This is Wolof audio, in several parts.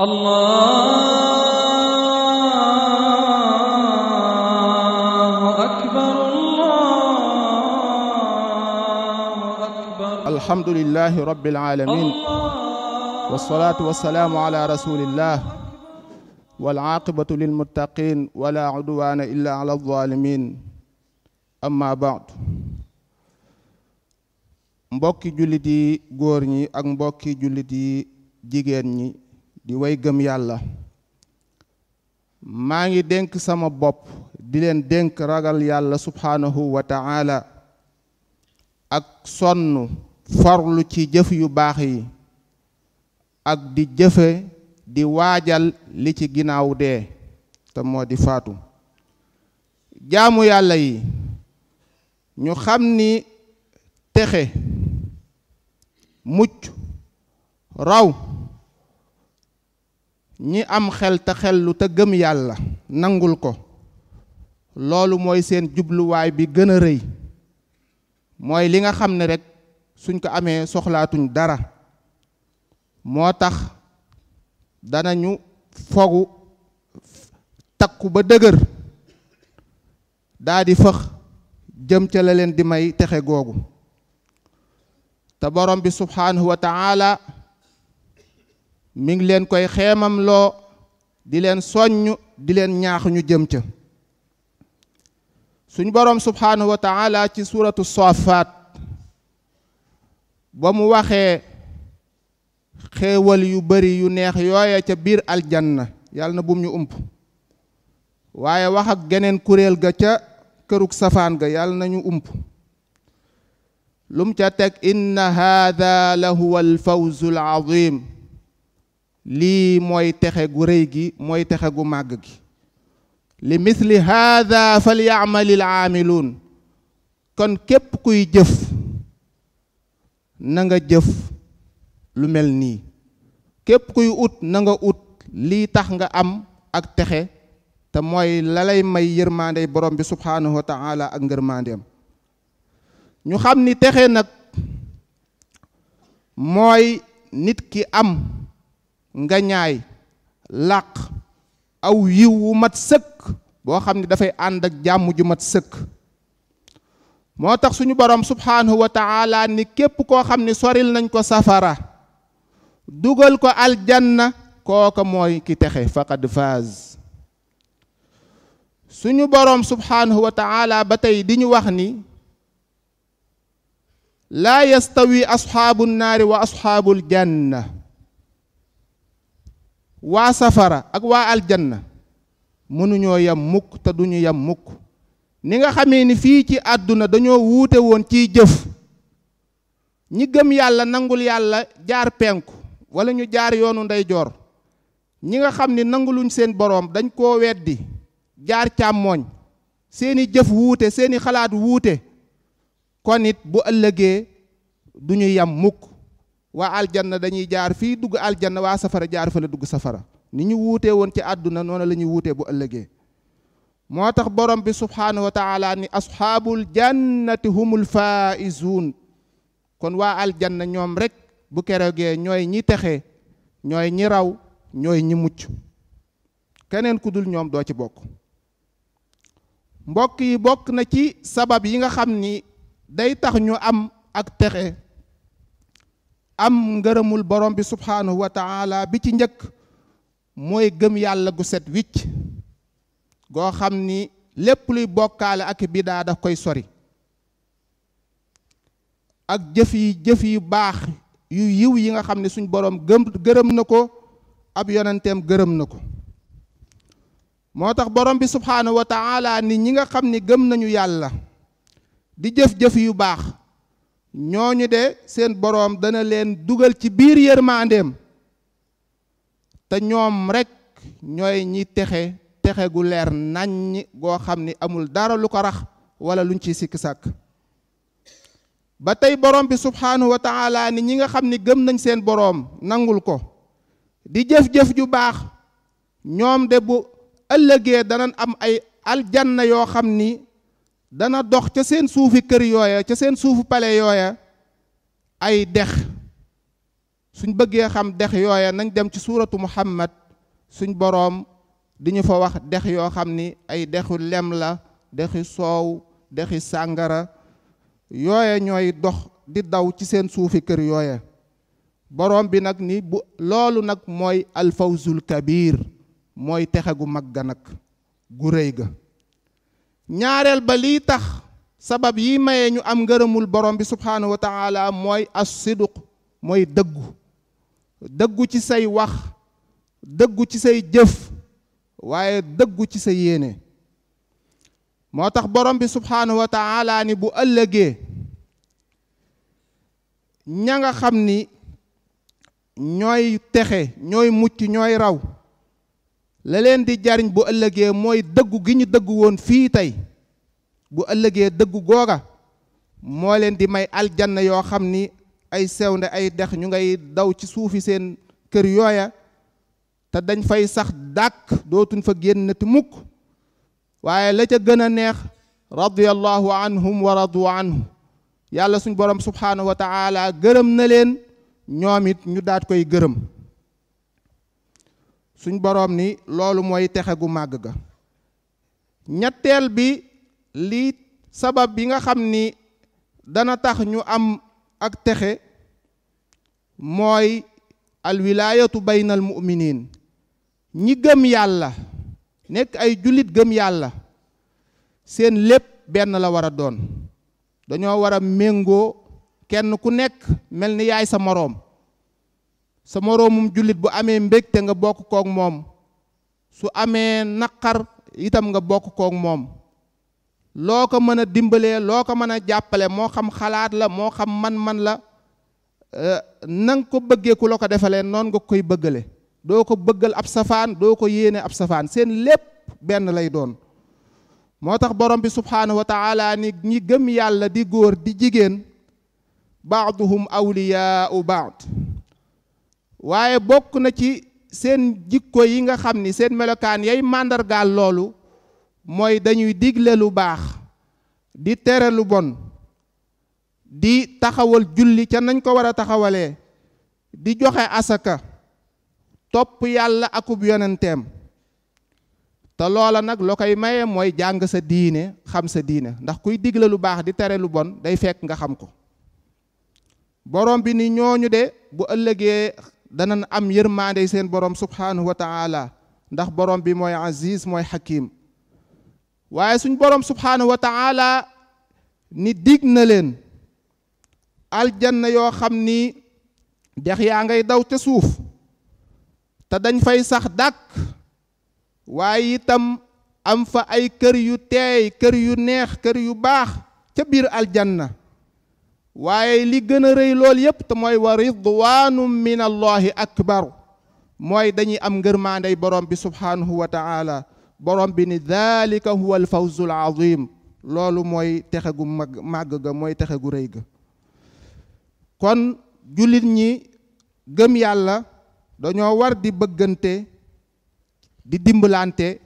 الله أكبر الله أكبر الحمد لله رب العالمين والصلاة والسلام على رسول الله والعاقبة للمتقين ولا عدوان إلا على الظالمين أما بعد mbokki jullit yi góor ñi ak mbokki jullit yi jigéen ñi di way gëm yàlla maa ngi dénk sama bopp di leen dénk ragal yàlla subhaanahu wa ta'ala ak sonn farlu ci jëf yu baax yi ak di jëfe di waajal li ci ginnaaw dee te moo di faatu jaamu yàlla yi ñu xam ni texe mucc raw ñi am xel te xellu te gëm yàlla nangul ko loolu mooy seen jubluwaay bi gën a rëy mooy li nga xam ne rek suñ ko amee soxlaatuñ dara moo tax danañu fogu takku ba dëgër daa di fëx jëm ca la leen di may texe googu te borom bi subhaanahu wa taala mi ngi leen koy xeemam loo di leen soññ di leen ñaax ñu jëm ca suñ boroom subhaanahu wa taala ci suuratu soofaat ba mu waxee xéewal yu bari yu neex yooye ca biir aljanna yàlla na bum ñu ump waaye wax geneen kuréel ga ca kërug safaan ga yàlla nañu ump lum ca teg inna haada la huwa alfawzu alazim lii mooy texe gu rëy gi mooy texe gu màgg gi li misli haada fal yaamalil aamiluun kon képp kuy jëf na nga jëf lu mel nii képp kuy ut na nga ut lii tax nga am ak texe te mooy lalay lay may yërmaandey borom bi subhaanahu wa taala ak ngërmaandeem ñu xam ni texe nag mooy nit ki am nga ñaay làq aw yiw wu mat sëkk boo xam ne dafay ànd ak jàmm ju mat sëkk moo tax suñu boroom subhaanahu wa taala ni képp koo xam ne soril nañ ko safara dugal ko aljanna kooka mooy ki texe faqad faaz suñu boroom subhaanahu wa taala ba tey di ñu wax ni laa yastawi asxaabu nnaari wa asxaabu aljanna waa safara ak waa aljanna mënuñoo yam mukk te duñu yam mukk ni nga xamee ni fii ci àdduna dañoo wuute woon ciy jëf ñi gëm yàlla nangul yàlla jaar penku wala ñu jaar yoonu ndeyjoor ñi nga xam ni nanguluñ seen boroom dañ koo weddi jaar càmmooñ seeni jëf wuute seeni xalaat wuute kon it bu ëllëgee duñu ñu yam mukk waa aljanna dañuy jaar fii dugg aljanna waa safara jaar fa la dugg safara ni ñu wuutee woon ci àdduna noona la ñuy wuutee bu ëllëgee moo tax borom bi subhaanahu wa taala ni asxaabul jannati humul faa'izuun kon waa aljanna ñoom rek bu keroogee ñooy ñi texe ñooy ñi raw ñooy ñi mucc keneen ku dul ñoom doo ci bokk mbokk yi bokk na ci sabab yi nga xam ni day tax ñu am ak texe am ngërëmul borom bi subhaanahu wa bi ci njëkk mooy gëm yàlla gu set wicc goo xam ni lépp luy bokkaale ak bi daa daf koy sori ak jëf yi yu baax yu yiw yi nga xam ne suñ borom gëm gërëm na ko ab yonenteem gërëm na ko moo tax borom bi subhaanahu wa taala ni ñi nga xam ni gëm nañu yàlla di jëf-jëf yu baax ñooñu de seen boroom dana leen dugal ci biir yërmaandeem te ñoom rekk ñooy ñi texe texe gu leer naññ goo xam ni amul dara lu ko rax wala luñ ciy sikki sàkk ba tey boroom bi subhaanahu wa ni ñi nga xam ni gëm nañ seen boroom nangul ko di jëf-jëf ju baax ñoom de bu ëllëgee dana am ay aljanna yoo xam ni dana dox ca seen suufi kër yooya ca seen suufu pale yooya ay dex suñ bëggee xam dex yooya nañ dem ci suuratu muhammad suñ boroom di ñu fa wax dex yoo xam ni ay dexu lem la dexi soow dexi sàngara yooya ñooy dox di daw ci seen suufi kër yooya boroom bi nag ni bu loolu nag mooy alfawzul kabir mooy texe gu mag ga nag gu rëy ga ñaareel ba liy tax sabab yi maye ñu am ngërëmul borom bi subhaanahu wa taala mooy as-sidq mooy dëggu dëggu ci say wax dëggu ci say jëf waaye dëggu ci sa yéene moo tax borom bi subhaanahu wa ni bu ëllëgee ña nga xam ni ñooy texe ñooy mucc ñooy raw la leen di jariñ bu ëllëgee mooy dëggu gi ñu dëggu woon fii tey bu ëllëgee dëggu googa moo leen di may aljanna yoo xam ni ay sewnde ay dex ñu ngay daw ci suufi seen kër yooya te dañ fay sax dàkk dootuñ fa génn ti mukk waaye la ca gën a neex radiyallahu anhum wa radu anhu yàlla suñ borom subhaanahu wa taala gërëm na leen ñoom it ñu daat koy gërëm suñ boroom ni loolu mooy texe gu màgg ga ñetteel bi lii sabab bi nga xam ni dana tax ñu am ak texe mooy alwilaayatu baynal mu'miniin ñi gëm yàlla nekk ay jullit gëm yàlla seen lépp benn la war a doon dañoo war a méngoo kenn ku nekk mel ni yaay sa moroom sa moroomum jullit bu amee mbégte nga bokk koog moom su amee naqar itam nga bokk kook moom loo ko mën a dimbalee loo ko mën a jàppale moo xam xalaat la moo xam man-man la euh, nang ko bëggee ku la ko defalee noon nga koy bëggale doo ko bëggal ab safaan doo ko yéene ab safaan seen lépp benn lay doon moo tax borom bi subhaanahu wa ni ñi gëm yàlla di góor di jigéen baax baaduhum u baax waaye bokk na ci seen jikko yi nga xam ni seen melokaan yay màndargaal loolu mooy dañuy digle lu baax di tere lu bon di taxawal julli ca nañ ko war a taxawalee di joxe asaka topp yàlla akub yonenteem te loola nag loo koy maye mooy jàng sa diine xam sa diine ndax kuy digle lu baax di tere lu bon day fekk nga xam ko borom bi ni ñooñu de bu ëllëgee danañ am yërmaande seen borom subhaanahu wa taala ndax borom bi mooy aziz mooy hakim waaye suñ borom subhaanahu wa taala ni digg na leen aljanna yoo xam ni dex yaa ngay daw ca suuf te dañ fay sax dàkk waaye itam am fa ay kër yu teey kër yu neex kër yu baax ca biir aljanna waaye li gën a rëy lool yépp te mooy wa ridwaanu min allahi akbaru mooy dañuy am ngërmaandey borom bi subhaanahu wa taala borom bi ni dalika huwa alfawzul azim loolu mooy texe gu màgg ga mooy texe gu rëy ga kon jullit ñi gëm yàlla dañoo war di bëggante di dimbalante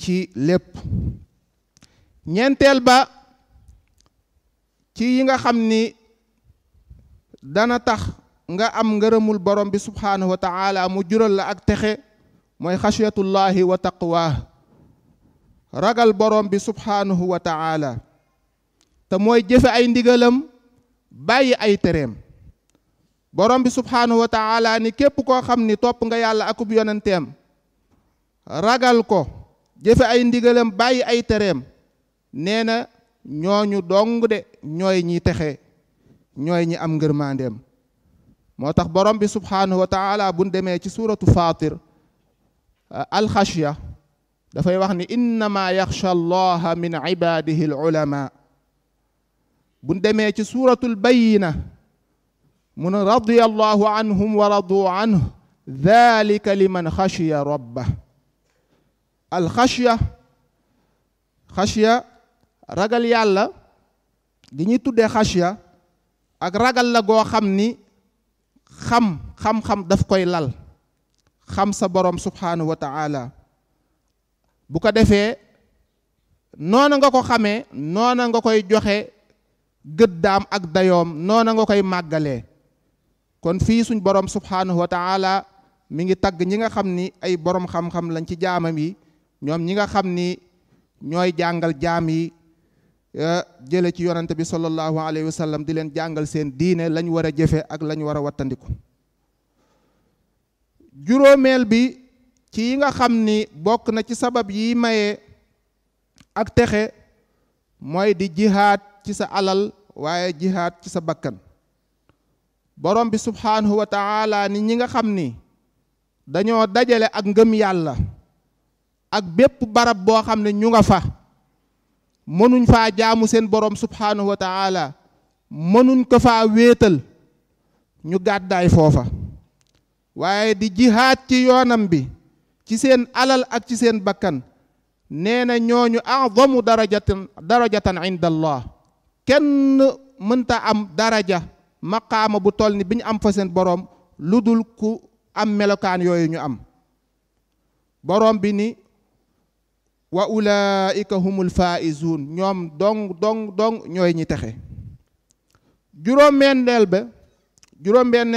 ci lépp ñeenteel ba ci yi nga xam ni dana tax nga am ngërëmul borom bi subhaanahu wa taala mu jural la ak texe mooy xasiyatullaahi wa taqwaa ragal borom bi subhaanahu wa te mooy jëfe ay ndigalam bàyyi ay tereem borom bi subhaanahu wa taala ni képp koo xam ni topp nga yàlla akub yonenteem ragal ko jëfe ay ndigalam bàyyi ay tereem nee na ñooñu dong de ñooy ñi texe ñooy ñi am ngërmandeem moo tax borom bi subhaanahu wa taala buñ demee ci suratu fatir euh, alxashya dafay wax ni innama yaxsha allaha min ibadihi al ulama buñ demee ci suratul bayina mun radia allahu anhum wa radu anhu dalika liman xashiya rabba alxashya ragal yàlla gi ñuy tuddee xashya ak ragal la goo xam ni xam xam-xam daf koy lal xam sa borom subhaanahu wa taala bu ko defee noona nga ko xamee noona nga koy joxe gët daam ak dayoom noona nga koy màggalee kon fii suñ borom subhaanahu wa taala mi ngi tagg ñi nga xam ni ay boroom xam-xam lañ ci jaamam yi ñoom ñi nga xam ni ñooy jàngal jaam yi Eh, jële ci yonante bi sallallahu alayhi wa di leen jàngal seen diine lañu war a jëfe ak lañ war a wattandiku juróomeel bi ci yi nga xam ni bokk na ci sabab yi maye ak texe mooy di jihaad ci sa alal waaye jihaad ci sa bakkan borom bi subhaanahu wa ni ñi nga xam ni dañoo dajale ak ngëm yàlla ak bépp barab boo xam ne ñu nga fa mënuñ faa jaamu seen boroom subhaanahu wa taala mënuñ ko faa wéetal ñu gàddaay foofa waaye di jihaad ci yoonam bi ci seen alal ak ci seen bakkan nee na ñooñu azamu darajatan darajatan inda allah kenn mënta am daraja maqaama bu toll ni bi ñu am fa seen boroom lu dul ku am melokaan yooyu ñu am boroom bi ni wa ulaika humul faizun ñoom dong dong dong ñooy ñi texe juróom-benneel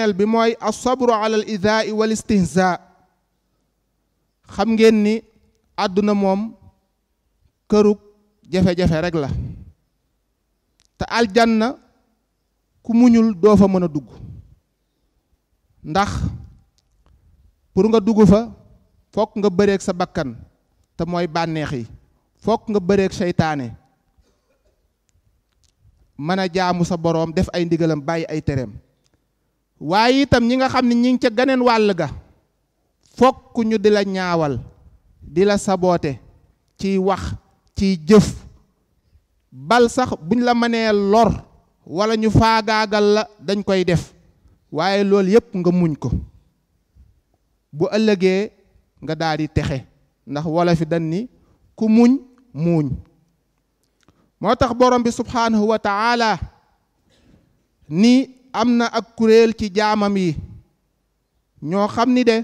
ba bi mooy a ala al idaai wal istihza xam ngeen ni àdduna moom kërug jafe-jafe rek la te aljanna ku muñul doo fa mën a dugg ndax pour nga dugg fa fokk nga bëreek sa bakkan te mooy bànneex yi fokk nga bëreeg seytaane mën a jaamu sa boroom def ay ndigalam bàyyi ay tereem waaye itam ñi nga xam ne ñi ngi ca ganeen wàll ga fokk ñu di la ñaawal di la saboote ciy wax ciy jëf bal sax buñ la mënee lor wala ñu faagaagal la dañ koy def waaye loolu yépp nga muñ ko bu ëllëgee nga daal di texe ndax wala fi dan ni ku muñ muuñ moo tax borom bi subhaanahu wa taala ni am na ak kuréel ci jaamam yi ñoo xam ni de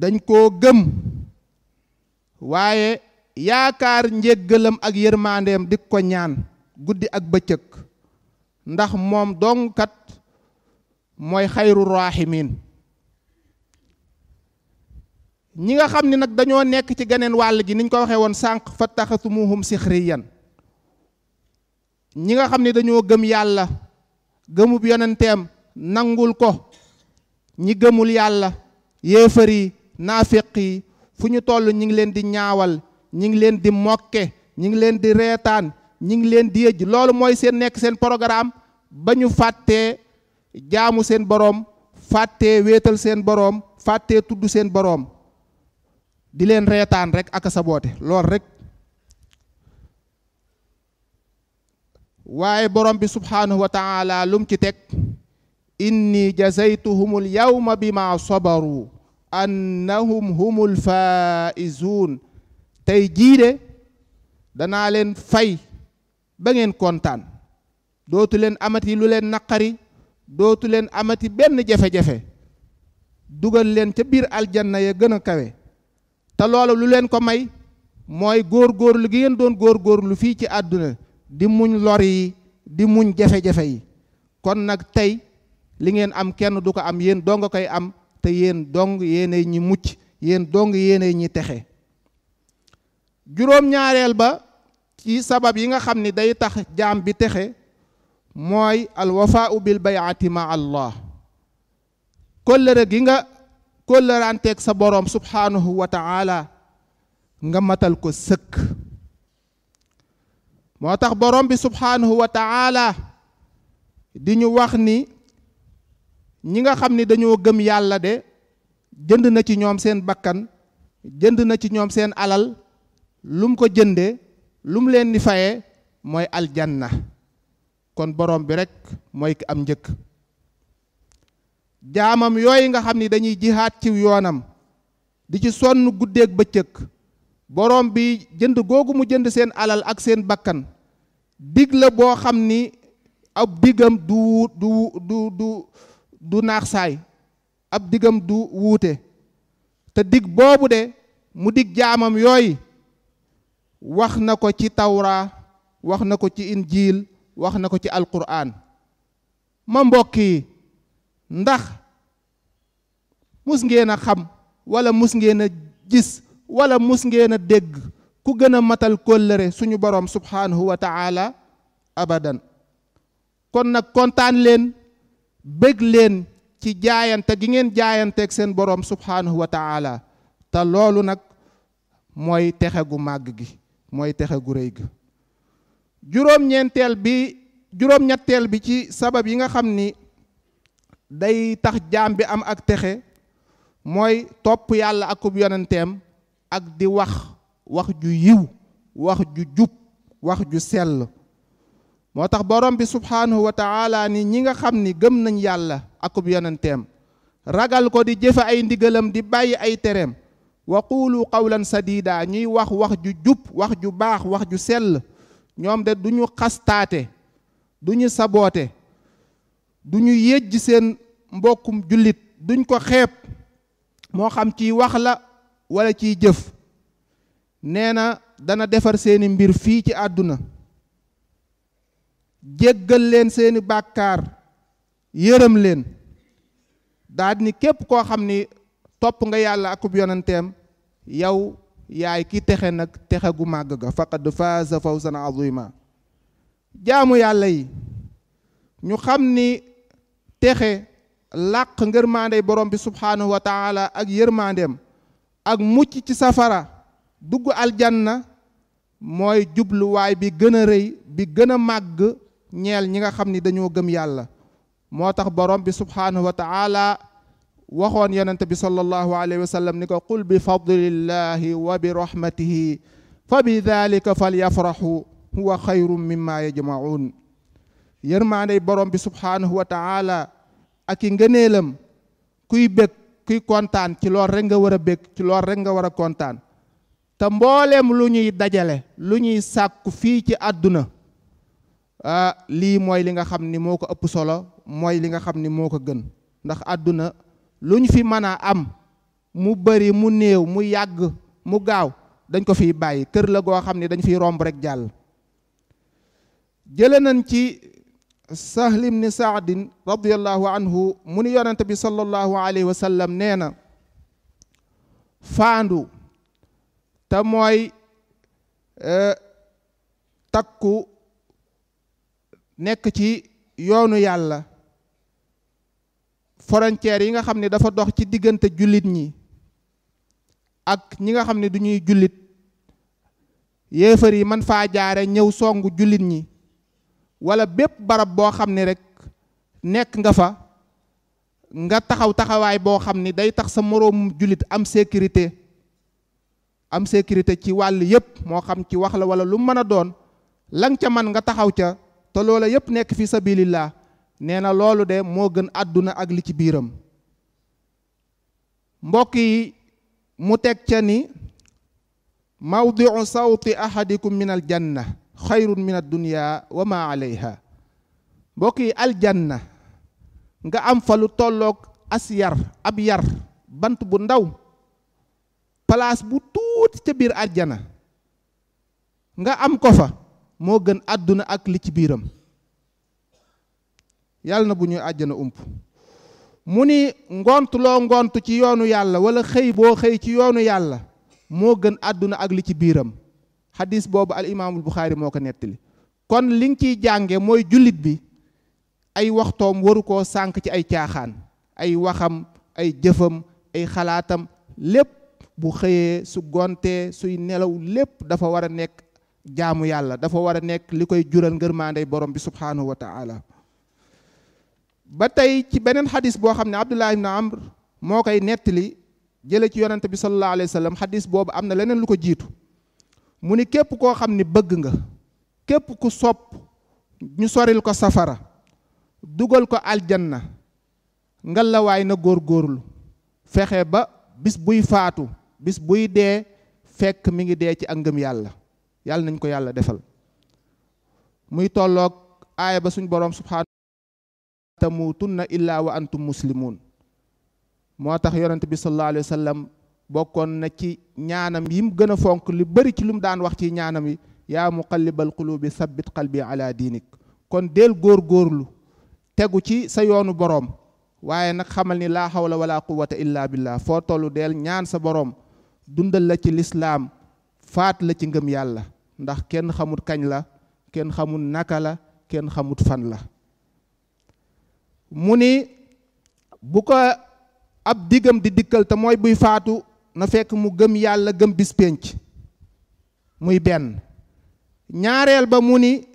dañ koo gëm waaye yaakaar njéggalam ak yërmandeem di ko ñaan guddi ak bëccëg ndax moom donkat mooy xayru rahimin ñi nga xam ni nag dañoo nekk ci geneen wàll gi niñ ko waxee woon sànq fa taxasumuhum sixriyan ñi nga xam ne dañoo gëm yàlla gëmub yonenteem nangul ko ñi gëmul yàlla yéefar yi naafiq yi fu ñu toll ñi ngi leen di ñaawal ñi ngi leen di mokke ñi ngi leen di reetaan ñi ngi leen di yëj loolu mooy seen nekk seen programme ba ñu fàttee jaamu seen boroom fàttee wéetal seen boroom fàttee tudd seen boroom di leen reetaan rekk ak saboote lool rek waaye borom bi subhaanahu wa lum ci teg inni jazaytuhumul yawma bima sabaru annahum humul faaizuun tey jii de danaa leen fay ba ngeen kontaan dootu leen amati lu leen naqari dootu leen amati benn jafe-jafe dugal leen ca biir aljanna ya gën a kawe te loolu lu leen ko may mooy góorgóorlu gi ngeen doon góorgóorlu fii ci àdduna di muñ lor yi di muñ jafe-jafe yi kon nag tey li ngeen am kenn du ko am yéen dong koy am te yéen dong yéenay ñi mucc yéen dong yéenay ñi texe juróom-ñaareel ba ci sabab yi nga xam ni day tax jaam bi texe mooy alwafaau bil bay ma allah kóllëre gi nga kóllëranteeg sa boroom subhaanahu wa taala nga matal ko sëkk moo tax boroom bi subhaanahu wa taala di ñu wax ni ñi nga xam ni dañoo gëm yàlla de jënd na ci ñoom seen bakkan jënd na ci ñoom seen alal lum ko jënde lum leen di faye mooy aljanna kon boroom bi rekk mooy ki am njëkk jaamam yooyu nga xam ni dañuy jihaat ci yoonam di ci sonn guddeeg bëccëg borom bi jënd googu mu jënd seen alal ak seen bakkan dig boo xam ni ab digam du du du du du naax saay ab digam du wuute te dig boobu de mu dig jaamam yooyu wax na ko ci tawra wax na ko ci injiil wax na ko ci alquran ma mbokk yi ndax mus ngeen a xam wala mus ngeen a gis wala mus ngeen a dégg ku gën a matal kóllëre suñu borom subhaanahu wa taala abadan kon nag kontaan leen bég leen ci jaayante gi ngeen jaayanteeg seen borom subhaanahu wa taala te loolu nag mooy texe gu màgg gi mooy texe gu rëy gi juróom-ñeenteel bi juróom-ñetteel bi ci sabab yi nga xam ni day tax jaam bi am ak texe mooy topp yàlla ak akub yonenteem ak di wax wax ju yiw wax ju jub wax ju sell moo tax borom bi subhaanahu wa taala ni ñi nga xam ni gëm nañ yàlla ak akub yonenteem ragal ko di jëfe ay ndigalam di bàyyi ay tereem wa quulu qawlan sadida ñuy wax wax ju jub wax ju baax wax ju sell ñoom de du ñu xastaate du ñu saboote du ñu yéej seen mbokkum jullit duñ ko xeep moo xam ciy wax la wala ciy jëf nee na dana defar seeni mbir fii ci àdduna jéggal leen seeni bàkkaar yërëm leen daal képp koo xam ni topp nga yàlla akub yonanteem yow yaay ki texe nag texe gu màgg ga faqad faaza fawzan azima jaamu yàlla yi ñu xam ni texe làq ngërmaandey borom bi subhaanahu wa taala ak yërmaandeem ak mucc ci safara dugg aljanna mooy jubluwaay bi gën a bi gën a màgg ñeel ñi nga xam ni dañoo gëm yàlla moo tax borom bi subhaanahu wa taala waxoon yonente bi sallallahu alayhi wa sallam ni ko qul bi wa bi fa bi dalika falyafrahu huwa xayrun mimma yajmaun yërmaandey borom bi subhaanahu wa taala ak i ngëneelam kuy bég kuy kontaan ci lool rek nga war a bég ci lool rek nga war a kontaan te mbooleem lu ñuy dajale lu ñuy sàkku fii ci àdduna lii mooy li nga xam ni moo ko ëpp solo mooy li nga xam ni moo ko gën ndax àdduna lu ñu fi mën a am mu bari mu néew mu yàgg mu gaaw dañ ko fiy bàyyi kër la goo xam ni dañ fiy romb rek jàll jële ci sahl ibni saadin radiallahu anhu mu ni yonente bi sallallahu alayhi wa sallam nee na faandu te mooy e, takku nekk ci yoonu yàlla frontière yi nga xam ni dafa dox ci diggante jullit ñi ak ñi nga xam ne duñuy jullit yéefar yi man faa jaare ñëw songu jullit ñi wala bépp barab boo xam ne rek nekk nga fa nga taxaw taxawaay boo xam ni day tax sa moroomu jullit am sécurité am sécurité ci wàll yépp moo xam ci wax la wala lu mën a doon lang ca man nga taxaw ca te loolu yépp nekk fi sabilillah nee na loolu de moo gën àdduna ak li ci biiram mbokk yi mu teg ca ni mawdiu sawti ahadikum minal al janna xayrun min addunia wa ma alayha mbokk yi aljanna nga am fa lu tolloog as yar ab yar bant bu ndaw palaas bu tuuti ca biir aljana nga am ko fa moo gën àdduna ak li ci biiram yàlla na bu ñuy àjjana ump mu ni ngont loo ci yoonu yàlla wala xëy boo xëy ci yoonu yàlla moo gën àdduna ak li ci biiram xadiis boobu al imaamul buxaari moo ko nettali kon li nga ciy jànge mooy jullit bi ay waxtoom waru koo sànk ci ay caaxaan ay waxam ay jëfam ay xalaatam lépp bu xëyee su gontee suy nelaw lépp dafa war a nekk jaamu yàlla dafa war a nekk li koy jural ngërmaandey borom bi subhaanahu wa taala ba tey ci beneen xadis boo xam ne abdullah ibn amr moo koy nettali jële ci yonante bi sallallahu alayhi wa sallam xadis boobu am na leneen lu ko jiitu mu ni képp koo xam ni bëgg nga képp ku sopp ñu soril ko safara dugal ko aljanna ngalawaay na góor góorlu fexe ba bis buy faatu bis buy dee fekk mi ngi dee ci ak ngëm yàlla yàlla nañ ko yàlla defal muy tolloog aaya ba suñ boroom subhaanahu tamutunna illaa wa antum muslimun moo tax yonent bi sallallahu alayhi wa bokkoon na ci ñaanam yi mu gën a fonk lu bari ci lu mu daan wax ci ñaanam yi yaa muqallibal qulubi sabbit qalbi ala diinik kon del góor góorlu tegu ci sa yoonu boroom waaye nag xamal ni laa xaw la walaa quwata illa billah foo tollu del ñaan sa boroom dundal la ci lislaam faat la ci ngëm yàlla ndax kenn xamut kañ la kenn xamut naka la kenn xamut fan la mu ni bu ko ab diggam di dikkal te mooy buy faatu na fekk mu gëm yàlla gëm bis pénc muy benn ñaareel ba mu ni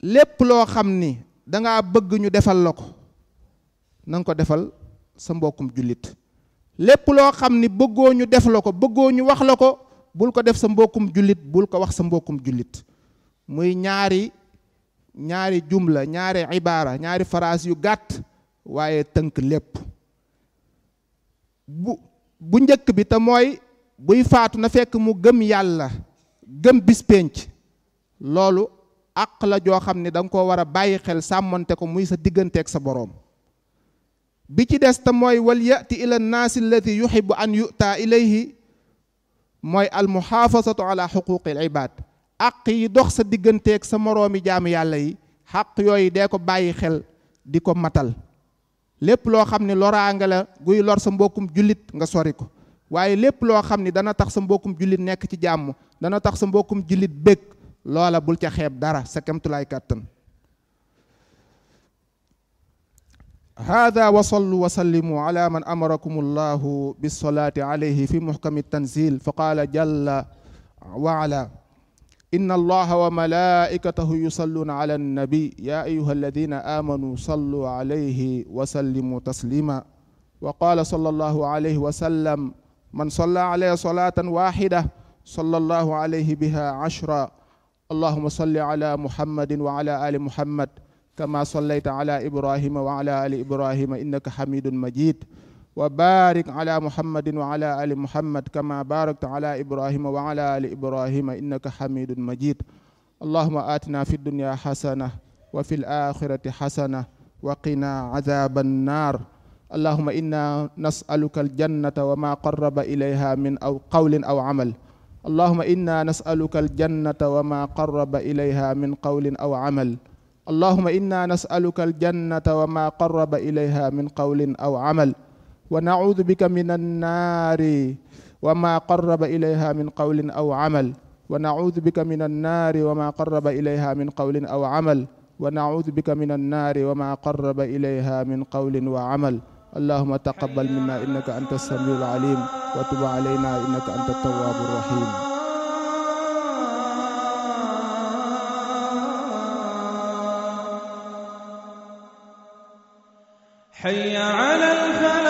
lépp loo xam ni danga bëgg ñu defal la ko na ko defal sa mbokkum jullit lépp loo xam ni bëggoo ñu def la ko bëggoo ñu wax la ko bul ko def sa mbokkum jullit bul ko wax sa mbokkum jullit muy ñaari ñaari jumla ñaari ibaara ñaari faraas yu gàtt waaye tënk lépp bu bu njëkk bi te mooy buy faatu na fekk mu gëm yàlla gëm bis loolu àq la joo xam ne danga nga koo war a bàyyi xel sàmmante ko muy sa digganteek sa boroom bi ci des te mooy wal yati ila nnaasi alladi yuxibu an yutaa ilayhi mooy almuxaafasatu ala xuquqi al ibaad àq yi dox sa digganteek sa moroomi jaamu yàlla yi xaq yooyu dee ko bàyyi xel di ko matal lépp loo xam ne loraanga la guy lor sa mbokkum jullit nga sori ko waaye lépp loo xam ni dana tax sa mbokkum jullit nekk ci jàmm dana tax sa mbokkum jullit bég loola bul ca xeeb dara sa kemtulaay kàttan hada wa sallu wa sallimu ala man amarakum allahu bisolaati alayhi fi muhkami tanzil fa qaala jalla wa inna allaha wa malaikatahu yusalluuna ala annabi ya ayuha alladina amanu sallu alayhi wa sallimu taslima wa qala sallallahu alayhi wa sallam man salla alayya salatan waxida salla allahu alayhi biha ashra allahuma salli ala muhammadin wa ala ali muhammad kama sallayta ala ibrahima wa ala ali ibrahima innaka hamidun majid wa barik ala muhammadin wa ala ali muhammad kama barakta ala ibrahima wa ala ali ibrahima innaka hamidun majid allahuma atina fi dunya xasana wa fi laxirati xasana wa qina azaba annar allahuma inna nasaluka aljannata wa ma qaraba ilayha min aw qawlin aw amal allahuma inna nasaluka aljannata wa ma qaraba ilayha min qawlin aw amal allahuma inna nasaluka aljannata wa ma qaraba ilayha min qawlin aw amal wa naudu bika min annaari wa ma qaraba ilayha min qawlin aw amal wa naudu bika min annaari wa ma qaraba ilayha min qawlin aw amal wa naudu bika min annaari wa ma qaraba ilayha min qawlin wa amal allahuma taqabal minna innaka anta samiul alim wa tub alayna innaka anta tawaabu rahim حي على الفلاح